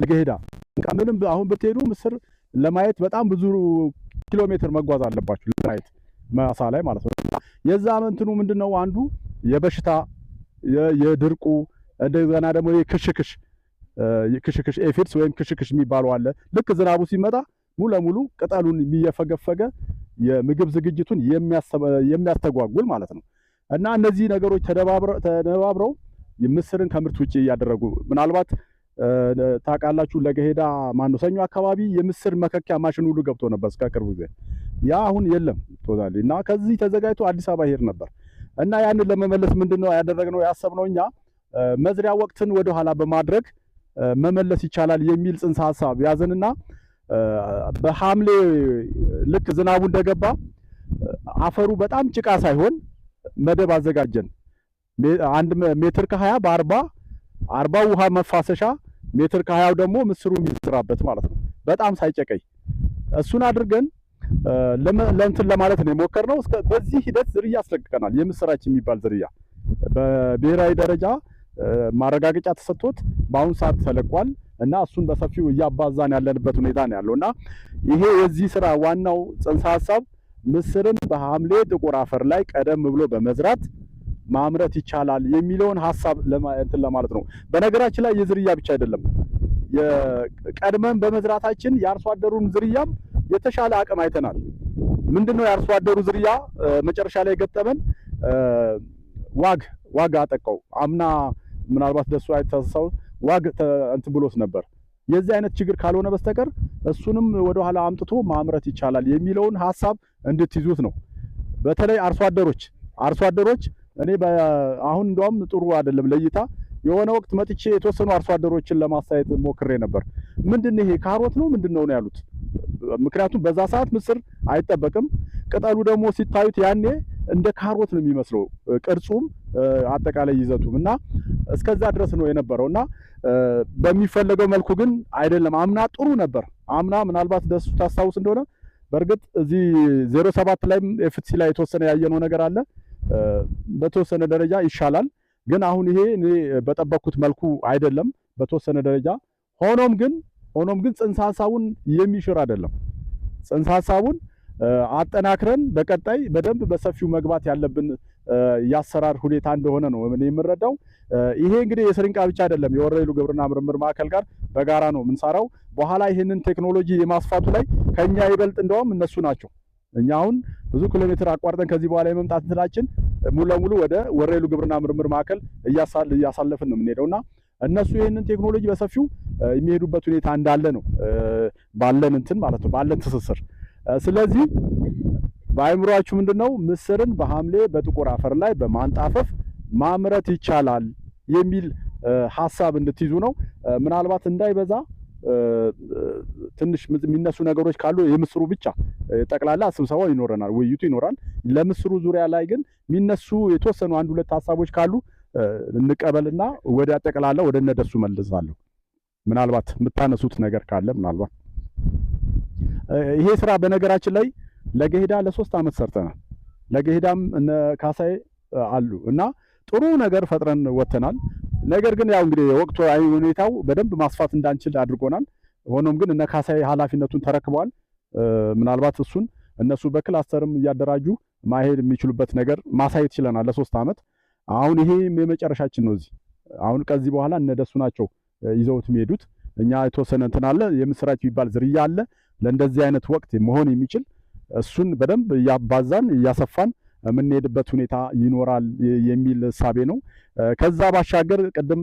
ለገሄዳ ምንም አሁን ብትሄዱ ምስር ለማየት በጣም ብዙ ኪሎ ሜትር መጓዝ አለባችሁ ለማየት ማሳ ላይ ማለት ነው። የዛ እንትኑ ምንድነው አንዱ የበሽታ የድርቁ እንደገና ደግሞ የክሽክሽ የክሽክሽ ኤፊድስ ወይም ክሽክሽ የሚባለው አለ። ልክ ዝናቡ ሲመጣ ሙሉ ለሙሉ ቅጠሉን የሚየፈገፈገ የምግብ ዝግጅቱን የሚያስተጓጉል ማለት ነው። እና እነዚህ ነገሮች ተደባብረው ምስርን ከምርት ውጪ እያደረጉ ምናልባት ታውቃላችሁ፣ ለገሄዳ ማነው ሰኞ አካባቢ የምስር መከኪያ ማሽን ሁሉ ገብቶ ነበር እስከ ቅርቡ ጊዜ። ያ አሁን የለም ቶታሊ። እና ከዚህ ተዘጋጅቶ አዲስ አበባ ይሄድ ነበር እና ያንን ለመመለስ ምንድነው ያደረግነው ያሰብነው እኛ መዝሪያ ወቅትን ወደኋላ በማድረግ መመለስ ይቻላል የሚል ጽንሰ ሀሳብ ያዘንና በሐምሌ ልክ ዝናቡ እንደገባ አፈሩ በጣም ጭቃ ሳይሆን መደብ አዘጋጀን። አንድ ሜትር ከሀያ በአርባ 40 አርባ ውሃ መፋሰሻ ሜትር ከሀያው ደግሞ ምስሩ የሚሰራበት ማለት ነው። በጣም ሳይጨቀይ እሱን አድርገን ለእንትን ለማለት ነው የሞከርነው። በዚህ ሂደት ዝርያ አስለቅቀናል። የምስራች የሚባል ዝርያ በብሔራዊ ደረጃ ማረጋገጫ ተሰጥቶት በአሁኑ ሰዓት ተለቋል እና እሱን በሰፊው እያባዛን ያለንበት ሁኔታ ነው ያለው እና ይሄ የዚህ ስራ ዋናው ጽንሰ ሀሳብ ምስርን በሐምሌ ጥቁር አፈር ላይ ቀደም ብሎ በመዝራት ማምረት ይቻላል የሚለውን ሀሳብ እንትን ለማለት ነው። በነገራችን ላይ የዝርያ ብቻ አይደለም ቀድመን በመዝራታችን የአርሶ አደሩን ዝርያም የተሻለ አቅም አይተናል። ምንድነው የአርሶ አደሩ ዝርያ መጨረሻ ላይ የገጠመን ዋግ ዋግ አጠቃው አምና ምናልባት ደሱ አይተሳሳው ዋግ እንትን ብሎት ነበር። የዚህ አይነት ችግር ካልሆነ በስተቀር እሱንም ወደኋላ አምጥቶ ማምረት ይቻላል የሚለውን ሀሳብ እንድትይዙት ነው። በተለይ አርሶ አደሮች አርሶ አደሮች እኔ አሁን እንደውም ጥሩ አይደለም ለእይታ የሆነ ወቅት መጥቼ የተወሰኑ አርሶ አደሮችን ለማስተያየት ሞክሬ ነበር። ምንድን ይሄ ካሮት ነው ምንድን ነው ነው ያሉት። ምክንያቱም በዛ ሰዓት ምስር አይጠበቅም። ቅጠሉ ደግሞ ሲታዩት ያኔ እንደ ካሮት ነው የሚመስለው ቅርጹም አጠቃላይ ይዘቱም እና እስከዛ ድረስ ነው የነበረው እና በሚፈለገው መልኩ ግን አይደለም። አምና ጥሩ ነበር። አምና ምናልባት ደሱ ታስታውስ እንደሆነ በእርግጥ እዚህ ዜሮ ሰባት ላይም ኤፍቲሲ ላይ የተወሰነ ያየነው ነገር አለ። በተወሰነ ደረጃ ይሻላል፣ ግን አሁን ይሄ እኔ በጠበቅኩት መልኩ አይደለም። በተወሰነ ደረጃ ሆኖም ግን ሆኖም ግን ጽንሰ ሀሳቡን የሚሽር አይደለም። ጽንሰ ሀሳቡን አጠናክረን በቀጣይ በደንብ በሰፊው መግባት ያለብን የአሰራር ሁኔታ እንደሆነ ነው እኔ የምረዳው። ይሄ እንግዲህ የስሪንቃ ብቻ አይደለም የወረኢሉ ግብርና ምርምር ማዕከል ጋር በጋራ ነው የምንሰራው። በኋላ ይህንን ቴክኖሎጂ የማስፋቱ ላይ ከኛ ይበልጥ እንደውም እነሱ ናቸው። እኛ አሁን ብዙ ኪሎ ሜትር አቋርጠን ከዚህ በኋላ የመምጣት እንትናችን ሙሉ ለሙሉ ወደ ወረኢሉ ግብርና ምርምር ማዕከል እያሳለፍን ነው የምንሄደውና እነሱ ይህንን ቴክኖሎጂ በሰፊው የሚሄዱበት ሁኔታ እንዳለ ነው ባለን እንትን ማለት ነው ባለን ትስስር። ስለዚህ በአእምሯችሁ ምንድነው ምስርን በሐምሌ በጥቁር አፈር ላይ በማንጣፈፍ ማምረት ይቻላል የሚል ሀሳብ እንድትይዙ ነው። ምናልባት እንዳይበዛ ትንሽ የሚነሱ ነገሮች ካሉ የምስሩ ብቻ ጠቅላላ ስብሰባው ይኖረናል፣ ውይይቱ ይኖራል። ለምስሩ ዙሪያ ላይ ግን የሚነሱ የተወሰኑ አንድ ሁለት ሀሳቦች ካሉ እንቀበልና ወደ ጠቅላላ ወደ እነደሱ መልሳለሁ። ምናልባት የምታነሱት ነገር ካለ ምናልባት ይሄ ስራ በነገራችን ላይ ለገሄዳ ለሶስት ዓመት ሰርተናል። ለገሄዳም እነ ካሳዬ አሉ እና ጥሩ ነገር ፈጥረን ወጥተናል። ነገር ግን ያው እንግዲህ ወቅታዊ ሁኔታው በደንብ ማስፋት እንዳንችል አድርጎናል። ሆኖም ግን እነ ካሳይ ኃላፊነቱን ተረክበዋል። ምናልባት እሱን እነሱ በክላስተርም እያደራጁ ማሄድ የሚችሉበት ነገር ማሳየት ችለናል ለሶስት ዓመት። አሁን ይሄ የመጨረሻችን ነው። እዚህ አሁን ከዚህ በኋላ እነደሱ ናቸው ይዘውት የሚሄዱት። እኛ የተወሰነ እንትን አለ የምስራች የሚባል ዝርያ አለ ለእንደዚህ አይነት ወቅት መሆን የሚችል እሱን በደንብ እያባዛን እያሰፋን የምንሄድበት ሁኔታ ይኖራል የሚል እሳቤ ነው። ከዛ ባሻገር ቅድም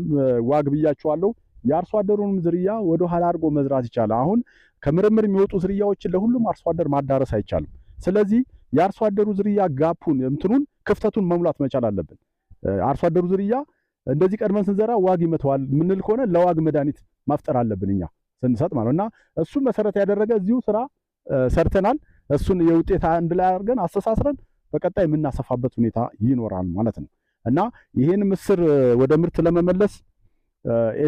ዋግ ብያችኋለሁ። የአርሶ አደሩንም ዝርያ ወደ ኋላ አድርጎ መዝራት ይቻላል። አሁን ከምርምር የሚወጡ ዝርያዎችን ለሁሉም አርሶ አደር ማዳረስ አይቻልም። ስለዚህ የአርሶ አደሩ ዝርያ ጋፑን እንትኑን ክፍተቱን መሙላት መቻል አለብን። አርሶ አደሩ ዝርያ እንደዚህ ቀድመን ስንዘራ ዋግ ይመተዋል ምንል ከሆነ ለዋግ መድኃኒት ማፍጠር አለብን እኛ ስንሰጥ ማለት እና እሱን መሰረት ያደረገ እዚሁ ስራ ሰርተናል። እሱን የውጤት አንድ ላይ አድርገን አስተሳስረን በቀጣይ የምናሰፋበት ሁኔታ ይኖራል ማለት ነው እና ይህን ምስር ወደ ምርት ለመመለስ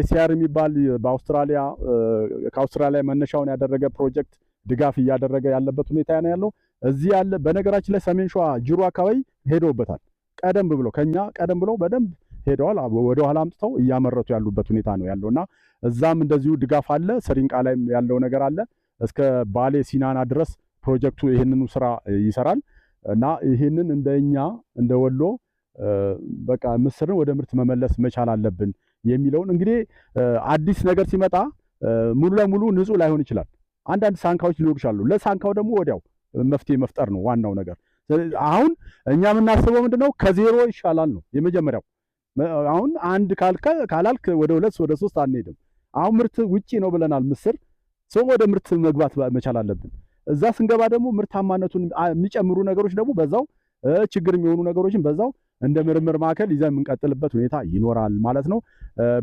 ኤሲአር የሚባል በአውስትራሊያ ከአውስትራሊያ መነሻውን ያደረገ ፕሮጀክት ድጋፍ እያደረገ ያለበት ሁኔታ ነው ያለው። እዚህ ያለ በነገራችን ላይ ሰሜን ሸዋ ጅሩ አካባቢ ሄደውበታል። ቀደም ብሎ ከኛ ቀደም ብሎ በደንብ ሄደዋል። ኋላ አምጥተው እያመረቱ ያሉበት ሁኔታ ነው ያለው እና እዛም እንደዚሁ ድጋፍ አለ። ሰሪንቃ ላይም ያለው ነገር አለ። እስከ ባሌ ሲናና ድረስ ፕሮጀክቱ ይህንኑ ስራ ይሰራል። እና ይህንን እንደኛ እንደ ወሎ በቃ ምስርን ወደ ምርት መመለስ መቻል አለብን የሚለውን እንግዲህ አዲስ ነገር ሲመጣ ሙሉ ለሙሉ ንጹህ ላይሆን ይችላል። አንዳንድ ሳንካዎች ሊኖሩ ይችላሉ። ለሳንካው ደግሞ ወዲያው መፍትሄ መፍጠር ነው ዋናው ነገር። አሁን እኛ የምናስበው ምንድነው? ከዜሮ ይሻላል ነው የመጀመሪያው። አሁን አንድ ካላልክ ወደ ሁለት ወደ ሶስት አንሄድም። አሁን ምርት ውጪ ነው ብለናል ምስር ሰው ወደ ምርት መግባት መቻል አለብን። እዛ ስንገባ ደግሞ ምርታማነቱን የሚጨምሩ ነገሮች ደግሞ በዛው ችግር የሚሆኑ ነገሮችን በዛው እንደ ምርምር ማዕከል ይዘን የምንቀጥልበት ሁኔታ ይኖራል ማለት ነው።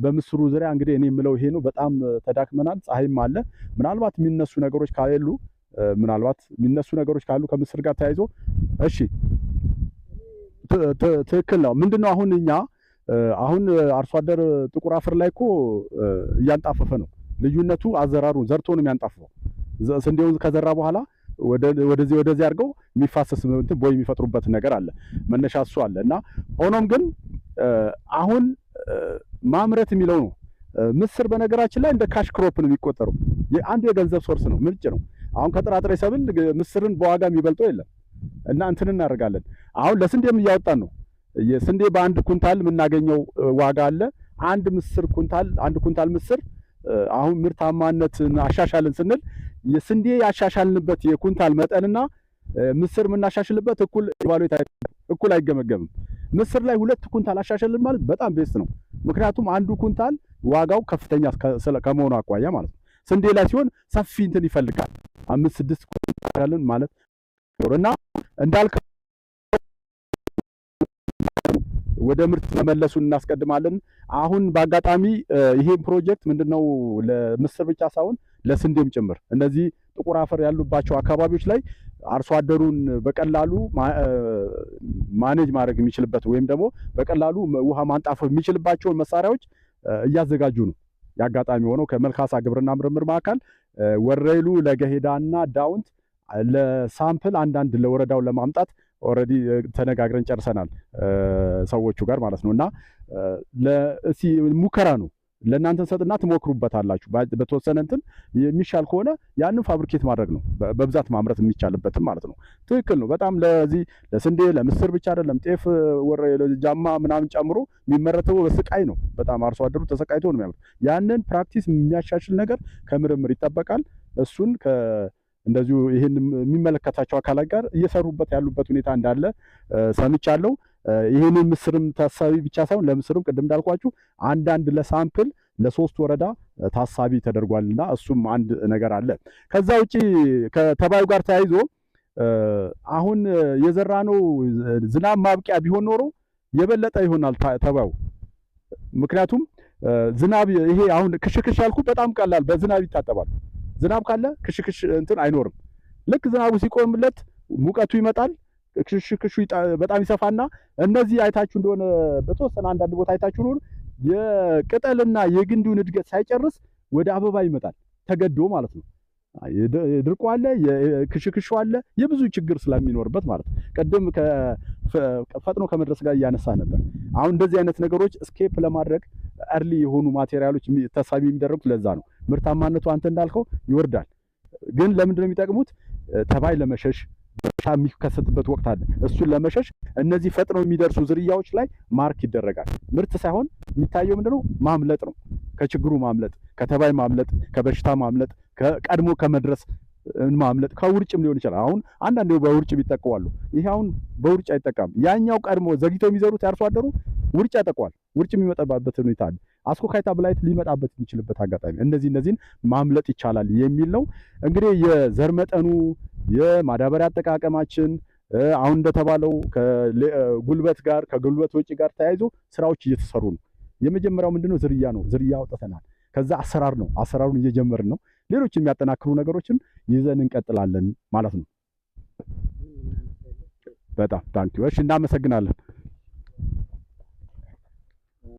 በምስሩ ዙሪያ እንግዲህ እኔ የምለው ይሄ ነው። በጣም ተዳክመናል። ፀሐይም አለ። ምናልባት የሚነሱ ነገሮች ካሉ ምናልባት የሚነሱ ነገሮች ካሉ ከምስር ጋር ተያይዞ እሺ፣ ትክክል ነው። ምንድነው አሁን እኛ አሁን አርሶ አደር ጥቁር አፈር ላይ እኮ እያንጣፈፈ ነው። ልዩነቱ አዘራሩን ዘርቶ ነው የሚያንጣፍፈው ስንዴውን ከዘራ በኋላ ወደዚህ ወደዚህ አድርገው የሚፋሰስ እንትን ቦይ የሚፈጥሩበት ነገር አለ። መነሻ እሱ አለ እና ሆኖም ግን አሁን ማምረት የሚለው ነው። ምስር በነገራችን ላይ እንደ ካሽ ክሮፕ ነው የሚቆጠረው። አንዱ የገንዘብ ሶርስ ነው፣ ምንጭ ነው። አሁን ከጥራጥሬ ሰብል ምስርን በዋጋ የሚበልጠው የለም እና እንትን እናደርጋለን። አሁን ለስንዴም እያወጣን ነው። ስንዴ በአንድ ኩንታል የምናገኘው ዋጋ አለ። አንድ ምስር ኩንታል አንድ ኩንታል ምስር አሁን ምርታማነትን አሻሻልን ስንል ስንዴ ያሻሻልንበት የኩንታል መጠንና ምስር የምናሻሽልበት እኩል ኢቫሉዌት እኩል አይገመገምም። ምስር ላይ ሁለት ኩንታል አሻሻልን ማለት በጣም ቤስት ነው። ምክንያቱም አንዱ ኩንታል ዋጋው ከፍተኛ ከመሆኑ አኳያ ማለት ነው። ስንዴ ላይ ሲሆን ሰፊ እንትን ይፈልጋል። አምስት ስድስት ኩንታልን ማለት እና እንዳልከ ወደ ምርት መመለሱን እናስቀድማለን። አሁን በአጋጣሚ ይሄን ፕሮጀክት ምንድነው ለምስር ብቻ ሳይሆን ለስንዴም ጭምር እነዚህ ጥቁር አፈር ያሉባቸው አካባቢዎች ላይ አርሶ አደሩን በቀላሉ ማኔጅ ማድረግ የሚችልበት ወይም ደግሞ በቀላሉ ውሃ ማንጣፍ የሚችልባቸውን መሳሪያዎች እያዘጋጁ ነው። የአጋጣሚ ሆነው ከመልካሳ ግብርና ምርምር ማዕከል ወረይሉ፣ ለገሄዳና ዳውንት ለሳምፕል አንዳንድ ለወረዳው ለማምጣት ኦልሬዲ ተነጋግረን ጨርሰናል፣ ሰዎቹ ጋር ማለት ነው እና ሙከራ ነው ለእናንተ ሰጥና ትሞክሩበታላችሁ። በተወሰነ እንትን የሚሻል ከሆነ ያንን ፋብሪኬት ማድረግ ነው፣ በብዛት ማምረት የሚቻልበትም ማለት ነው። ትክክል ነው። በጣም ለዚህ ለስንዴ ለምስር ብቻ አይደለም፣ ጤፍ፣ ጃማ ምናምን ጨምሮ የሚመረተው በስቃይ ነው። በጣም አርሶ አደሩ ተሰቃይቶ ነው የሚያምር። ያንን ፕራክቲስ የሚያሻሽል ነገር ከምርምር ይጠበቃል። እሱን እንደዚሁ ይህን የሚመለከታቸው አካላት ጋር እየሰሩበት ያሉበት ሁኔታ እንዳለ ሰምቻለሁ። ይህንን ምስርም ታሳቢ ብቻ ሳይሆን ለምስርም ቅድም እንዳልኳችሁ አንዳንድ ለሳምፕል ለሶስት ወረዳ ታሳቢ ተደርጓልና እሱም አንድ ነገር አለ። ከዛ ውጪ ከተባዩ ጋር ተያይዞ አሁን የዘራነው ዝናብ ማብቂያ ቢሆን ኖሮ የበለጠ ይሆናል ተባዩ። ምክንያቱም ዝናብ ይሄ አሁን ክሽክሽ ያልኩ በጣም ቀላል፣ በዝናብ ይታጠባል። ዝናብ ካለ ክሽክሽ እንትን አይኖርም። ልክ ዝናቡ ሲቆምለት ሙቀቱ ይመጣል። ክሽክሹ በጣም ይሰፋና እነዚህ አይታችሁ እንደሆነ በተወሰነ አንዳንድ ቦታ አይታችሁ ኖር የቅጠልና የግንዱን እድገት ሳይጨርስ ወደ አበባ ይመጣል ተገዶ ማለት ነው። ድርቆ አለ፣ ክሽክሹ አለ፣ የብዙ ችግር ስለሚኖርበት ማለት ነው። ቅድም ፈጥኖ ከመድረስ ጋር እያነሳ ነበር። አሁን እንደዚህ አይነት ነገሮች ስኬፕ ለማድረግ አርሊ የሆኑ ማቴሪያሎች ተሳቢ የሚደረጉት ለዛ ነው። ምርታማነቱ አንተ እንዳልከው ይወርዳል። ግን ለምንድን ነው የሚጠቅሙት? ተባይ ለመሸሽ በእርሻ የሚከሰትበት ወቅት አለ። እሱን ለመሸሽ እነዚህ ፈጥነው የሚደርሱ ዝርያዎች ላይ ማርክ ይደረጋል። ምርት ሳይሆን የሚታየው ምንድነው? ማምለጥ ነው። ከችግሩ ማምለጥ፣ ከተባይ ማምለጥ፣ ከበሽታ ማምለጥ፣ ቀድሞ ከመድረስ ማምለጥ ከውርጭም ሊሆን ይችላል። አሁን አንዳንዴ በውርጭ ይጠቀዋሉ። ይሄ አሁን በውርጭ አይጠቃም። ያኛው ቀድሞ ዘግይቶ የሚዘሩት ያርሶ አደሩ ውርጭ ያጠቀዋል። ውርጭ የሚመጠባበት ሁኔታ አለ። አስኮካይታ ብላይት ሊመጣበት የሚችልበት አጋጣሚ እነዚህ እነዚህን ማምለጥ ይቻላል የሚል ነው። እንግዲህ የዘር መጠኑ የማዳበሪያ አጠቃቀማችን አሁን እንደተባለው ከጉልበት ጋር ከጉልበት ወጪ ጋር ተያይዞ ስራዎች እየተሰሩ ነው። የመጀመሪያው ምንድነው? ዝርያ ነው። ዝርያ አውጥተናል። ከዛ አሰራር ነው። አሰራሩን እየጀመርን ነው። ሌሎች የሚያጠናክሩ ነገሮችን ይዘን እንቀጥላለን ማለት ነው። በጣም ታንኪዩ። እሺ፣ እናመሰግናለን።